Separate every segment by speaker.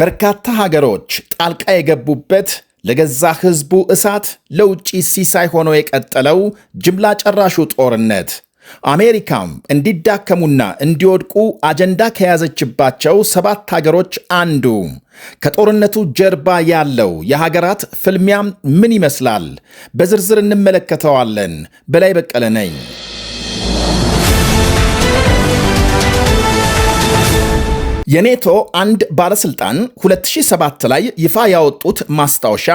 Speaker 1: በርካታ ሀገሮች ጣልቃ የገቡበት ለገዛ ሕዝቡ እሳት ለውጭ ሲሳይ ሆኖ የቀጠለው ጅምላ ጨራሹ ጦርነት አሜሪካም እንዲዳከሙና እንዲወድቁ አጀንዳ ከያዘችባቸው ሰባት ሀገሮች አንዱ። ከጦርነቱ ጀርባ ያለው የሀገራት ፍልሚያም ምን ይመስላል? በዝርዝር እንመለከተዋለን። በላይ በቀለ ነኝ። የኔቶ አንድ ባለስልጣን 2007 ላይ ይፋ ያወጡት ማስታወሻ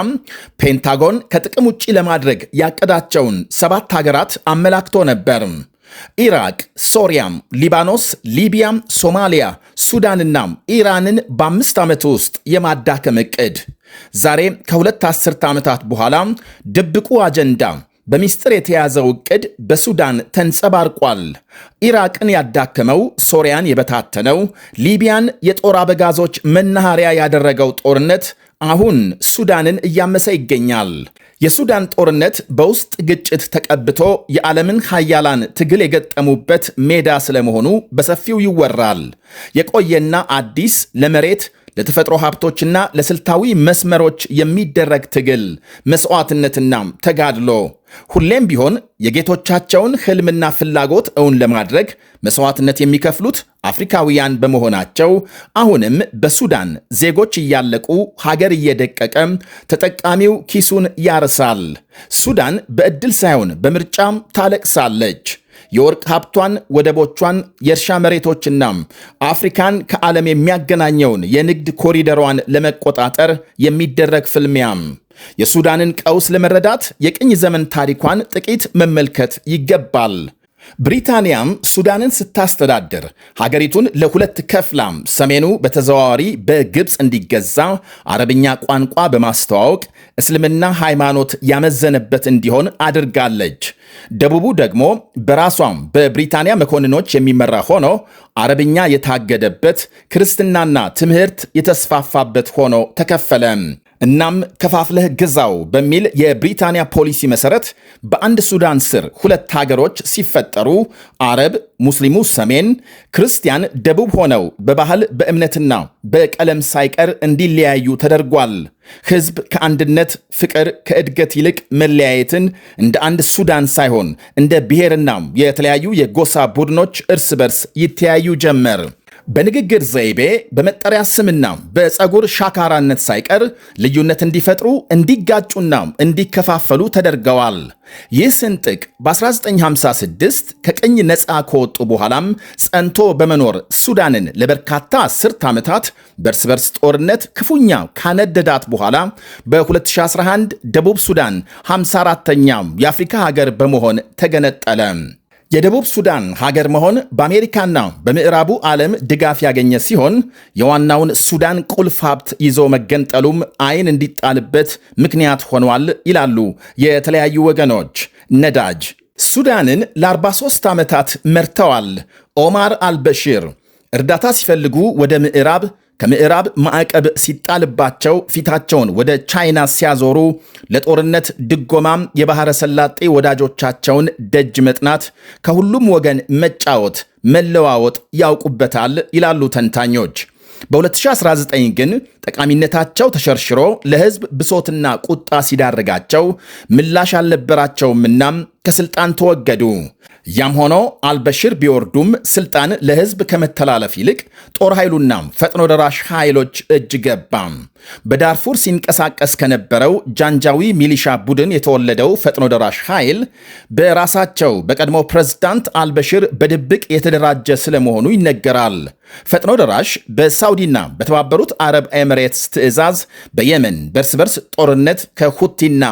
Speaker 1: ፔንታጎን ከጥቅም ውጪ ለማድረግ ያቀዳቸውን ሰባት ሀገራት አመላክቶ ነበር። ኢራቅ፣ ሶሪያም፣ ሊባኖስ፣ ሊቢያም፣ ሶማሊያ፣ ሱዳንና ኢራንን በአምስት ዓመት ውስጥ የማዳከም ዕቅድ ዛሬ ከሁለት አስርተ ዓመታት በኋላ ድብቁ አጀንዳ በሚስጥር የተያዘው እቅድ በሱዳን ተንጸባርቋል። ኢራቅን ያዳከመው፣ ሶሪያን የበታተነው፣ ሊቢያን የጦር አበጋዞች መናኸሪያ ያደረገው ጦርነት አሁን ሱዳንን እያመሰ ይገኛል። የሱዳን ጦርነት በውስጥ ግጭት ተቀብቶ የዓለምን ሀያላን ትግል የገጠሙበት ሜዳ ስለመሆኑ በሰፊው ይወራል። የቆየና አዲስ ለመሬት ለተፈጥሮ ሀብቶችና ለስልታዊ መስመሮች የሚደረግ ትግል፣ መስዋዕትነትና ተጋድሎ ሁሌም ቢሆን የጌቶቻቸውን ህልምና ፍላጎት እውን ለማድረግ መስዋዕትነት የሚከፍሉት አፍሪካውያን በመሆናቸው አሁንም በሱዳን ዜጎች እያለቁ ሀገር እየደቀቀ ተጠቃሚው ኪሱን ያርሳል። ሱዳን በዕድል ሳይሆን በምርጫም ታለቅሳለች። የወርቅ ሀብቷን ወደቦቿን፣ የእርሻ መሬቶችና አፍሪካን ከዓለም የሚያገናኘውን የንግድ ኮሪደሯን ለመቆጣጠር የሚደረግ ፍልሚያም የሱዳንን ቀውስ ለመረዳት የቅኝ ዘመን ታሪኳን ጥቂት መመልከት ይገባል። ብሪታንያም ሱዳንን ስታስተዳድር ሀገሪቱን ለሁለት ከፍላም ሰሜኑ በተዘዋዋሪ በግብፅ እንዲገዛ አረብኛ ቋንቋ በማስተዋወቅ እስልምና ሃይማኖት ያመዘነበት እንዲሆን አድርጋለች። ደቡቡ ደግሞ በራሷም በብሪታንያ መኮንኖች የሚመራ ሆኖ አረብኛ የታገደበት ክርስትናና ትምህርት የተስፋፋበት ሆኖ ተከፈለም እናም ከፋፍለህ ግዛው በሚል የብሪታንያ ፖሊሲ መሰረት በአንድ ሱዳን ስር ሁለት ሀገሮች ሲፈጠሩ አረብ ሙስሊሙ ሰሜን፣ ክርስቲያን ደቡብ ሆነው በባህል በእምነትና በቀለም ሳይቀር እንዲለያዩ ተደርጓል። ሕዝብ ከአንድነት ፍቅር፣ ከእድገት ይልቅ መለያየትን እንደ አንድ ሱዳን ሳይሆን እንደ ብሔርና የተለያዩ የጎሳ ቡድኖች እርስ በርስ ይተያዩ ጀመር። በንግግር ዘይቤ፣ በመጠሪያ ስምና በፀጉር ሻካራነት ሳይቀር ልዩነት እንዲፈጥሩ እንዲጋጩና እንዲከፋፈሉ ተደርገዋል። ይህ ስንጥቅ በ1956 ከቅኝ ነፃ ከወጡ በኋላም ጸንቶ በመኖር ሱዳንን ለበርካታ አስርት ዓመታት በእርስ በርስ ጦርነት ክፉኛ ካነደዳት በኋላ በ2011 ደቡብ ሱዳን 54ተኛው የአፍሪካ ሀገር በመሆን ተገነጠለ። የደቡብ ሱዳን ሀገር መሆን በአሜሪካና በምዕራቡ ዓለም ድጋፍ ያገኘ ሲሆን የዋናውን ሱዳን ቁልፍ ሀብት ይዞ መገንጠሉም ዓይን እንዲጣልበት ምክንያት ሆኗል ይላሉ የተለያዩ ወገኖች። ነዳጅ ሱዳንን ለ43 ዓመታት መርተዋል ኦማር አልበሺር እርዳታ ሲፈልጉ ወደ ምዕራብ ከምዕራብ ማዕቀብ ሲጣልባቸው ፊታቸውን ወደ ቻይና ሲያዞሩ ለጦርነት ድጎማም የባሕረ ሰላጤ ወዳጆቻቸውን ደጅ መጥናት፣ ከሁሉም ወገን መጫወት፣ መለዋወጥ ያውቁበታል ይላሉ ተንታኞች። በ2019 ግን ጠቃሚነታቸው ተሸርሽሮ ለሕዝብ ብሶትና ቁጣ ሲዳርጋቸው ምላሽ አልነበራቸውምና ከስልጣን ተወገዱ። ያም ሆኖ አልበሽር ቢወርዱም ስልጣን ለህዝብ ከመተላለፍ ይልቅ ጦር ኃይሉና ፈጥኖ ደራሽ ኃይሎች እጅ ገባ። በዳርፉር ሲንቀሳቀስ ከነበረው ጃንጃዊ ሚሊሻ ቡድን የተወለደው ፈጥኖ ደራሽ ኃይል በራሳቸው በቀድሞ ፕሬዝዳንት አልበሽር በድብቅ የተደራጀ ስለመሆኑ ይነገራል። ፈጥኖ ደራሽ በሳውዲና በተባበሩት አረብ ኤምሬትስ ትዕዛዝ በየመን በርስ በርስ ጦርነት ከሁቲና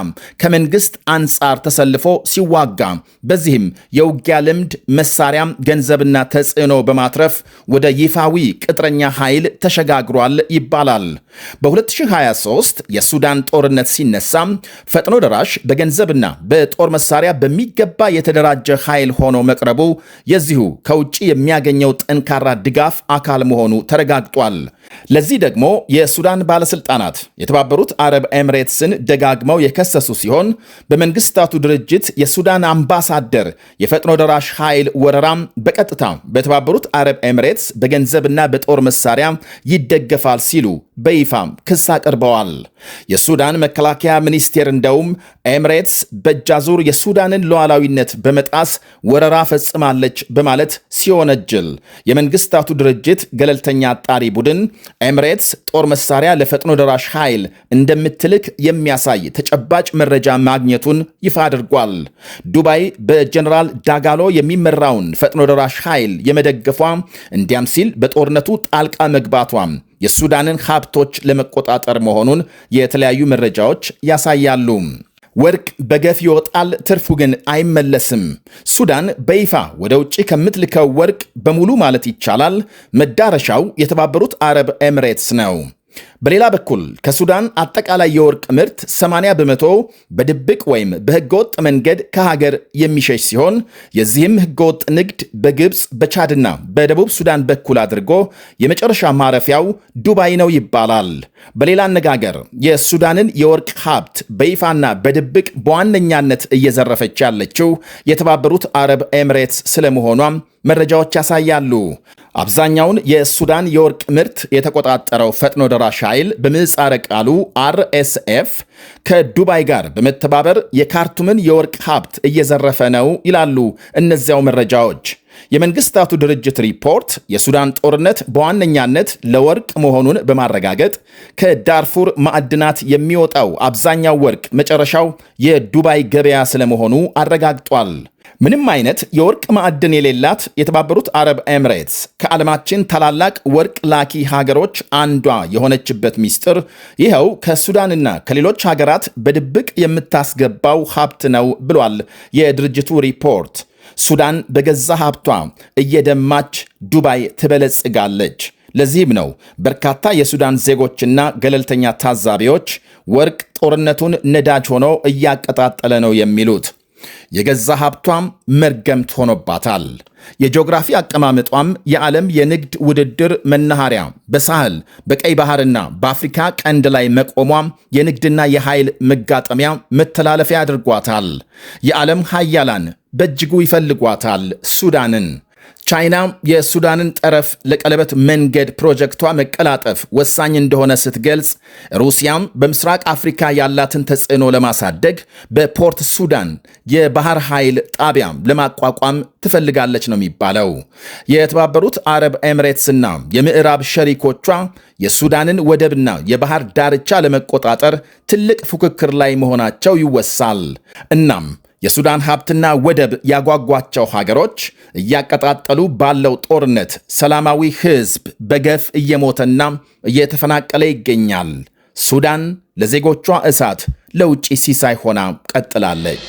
Speaker 1: ከመንግስት አንጻር ተሰልፎ ሲዋ ተዋጋ። በዚህም የውጊያ ልምድ፣ መሳሪያ ገንዘብና ተጽዕኖ በማትረፍ ወደ ይፋዊ ቅጥረኛ ኃይል ተሸጋግሯል ይባላል። በ2023 የሱዳን ጦርነት ሲነሳ ፈጥኖ ደራሽ በገንዘብና በጦር መሳሪያ በሚገባ የተደራጀ ኃይል ሆኖ መቅረቡ የዚሁ ከውጭ የሚያገኘው ጠንካራ ድጋፍ አካል መሆኑ ተረጋግጧል። ለዚህ ደግሞ የሱዳን ባለስልጣናት የተባበሩት አረብ ኤምሬትስን ደጋግመው የከሰሱ ሲሆን በመንግስታቱ ድርጅት የሱዳን የሱዳን አምባሳደር የፈጥኖ ደራሽ ኃይል ወረራ በቀጥታ በተባበሩት አረብ ኤምሬትስ በገንዘብና በጦር መሳሪያ ይደገፋል ሲሉ በይፋ ክስ አቅርበዋል። የሱዳን መከላከያ ሚኒስቴር እንደውም ኤምሬትስ በእጃዙር የሱዳንን ሉዓላዊነት በመጣስ ወረራ ፈጽማለች በማለት ሲወነጅል የመንግስታቱ ድርጅት ገለልተኛ አጣሪ ቡድን ኤምሬትስ ጦር መሳሪያ ለፈጥኖ ደራሽ ኃይል እንደምትልክ የሚያሳይ ተጨባጭ መረጃ ማግኘቱን ይፋ አድርጓል። ዱባይ በጀነራል ዳጋሎ የሚመራውን ፈጥኖ ደራሽ ኃይል የመደገፏ እንዲያም ሲል በጦርነቱ ጣልቃ መግባቷ የሱዳንን ሀብቶች ለመቆጣጠር መሆኑን የተለያዩ መረጃዎች ያሳያሉ። ወርቅ በገፍ ይወጣል፣ ትርፉ ግን አይመለስም። ሱዳን በይፋ ወደ ውጭ ከምትልከው ወርቅ በሙሉ ማለት ይቻላል መዳረሻው የተባበሩት አረብ ኤምሬትስ ነው። በሌላ በኩል ከሱዳን አጠቃላይ የወርቅ ምርት 80 በመቶ በድብቅ ወይም በህገወጥ መንገድ ከሀገር የሚሸሽ ሲሆን የዚህም ህገወጥ ንግድ በግብፅ በቻድና በደቡብ ሱዳን በኩል አድርጎ የመጨረሻ ማረፊያው ዱባይ ነው ይባላል። በሌላ አነጋገር የሱዳንን የወርቅ ሀብት በይፋና በድብቅ በዋነኛነት እየዘረፈች ያለችው የተባበሩት አረብ ኤምሬትስ ስለመሆኗም መረጃዎች ያሳያሉ። አብዛኛውን የሱዳን የወርቅ ምርት የተቆጣጠረው ፈጥኖ ደራሽ ኃይል በምህፃረ ቃሉ አርኤስኤፍ ከዱባይ ጋር በመተባበር የካርቱምን የወርቅ ሀብት እየዘረፈ ነው ይላሉ እነዚያው መረጃዎች። የመንግስታቱ ድርጅት ሪፖርት የሱዳን ጦርነት በዋነኛነት ለወርቅ መሆኑን በማረጋገጥ ከዳርፉር ማዕድናት የሚወጣው አብዛኛው ወርቅ መጨረሻው የዱባይ ገበያ ስለመሆኑ አረጋግጧል። ምንም አይነት የወርቅ ማዕድን የሌላት የተባበሩት አረብ ኤምሬትስ ከዓለማችን ታላላቅ ወርቅ ላኪ ሀገሮች አንዷ የሆነችበት ሚስጥር ይኸው ከሱዳንና ከሌሎች ሀገራት በድብቅ የምታስገባው ሀብት ነው ብሏል የድርጅቱ ሪፖርት። ሱዳን በገዛ ሀብቷ እየደማች ዱባይ ትበለጽጋለች። ለዚህም ነው በርካታ የሱዳን ዜጎችና ገለልተኛ ታዛቢዎች ወርቅ ጦርነቱን ነዳጅ ሆኖ እያቀጣጠለ ነው የሚሉት። የገዛ ሀብቷም መርገምት ሆኖባታል። የጂኦግራፊ አቀማመጧም የዓለም የንግድ ውድድር መናኸሪያ በሳህል በቀይ ባህርና በአፍሪካ ቀንድ ላይ መቆሟም የንግድና የኃይል መጋጠሚያ መተላለፊያ አድርጓታል። የዓለም ሀያላን በእጅጉ ይፈልጓታል ሱዳንን። ቻይና የሱዳንን ጠረፍ ለቀለበት መንገድ ፕሮጀክቷ መቀላጠፍ ወሳኝ እንደሆነ ስትገልጽ፣ ሩሲያም በምስራቅ አፍሪካ ያላትን ተጽዕኖ ለማሳደግ በፖርት ሱዳን የባህር ኃይል ጣቢያም ለማቋቋም ትፈልጋለች ነው የሚባለው። የተባበሩት አረብ ኤምሬትስና የምዕራብ ሸሪኮቿ የሱዳንን ወደብና የባህር ዳርቻ ለመቆጣጠር ትልቅ ፉክክር ላይ መሆናቸው ይወሳል። እናም የሱዳን ሀብትና ወደብ ያጓጓቸው ሀገሮች እያቀጣጠሉ ባለው ጦርነት ሰላማዊ ሕዝብ በገፍ እየሞተና እየተፈናቀለ ይገኛል። ሱዳን ለዜጎቿ እሳት፣ ለውጭ ሲሳይ ሆና ቀጥላለች።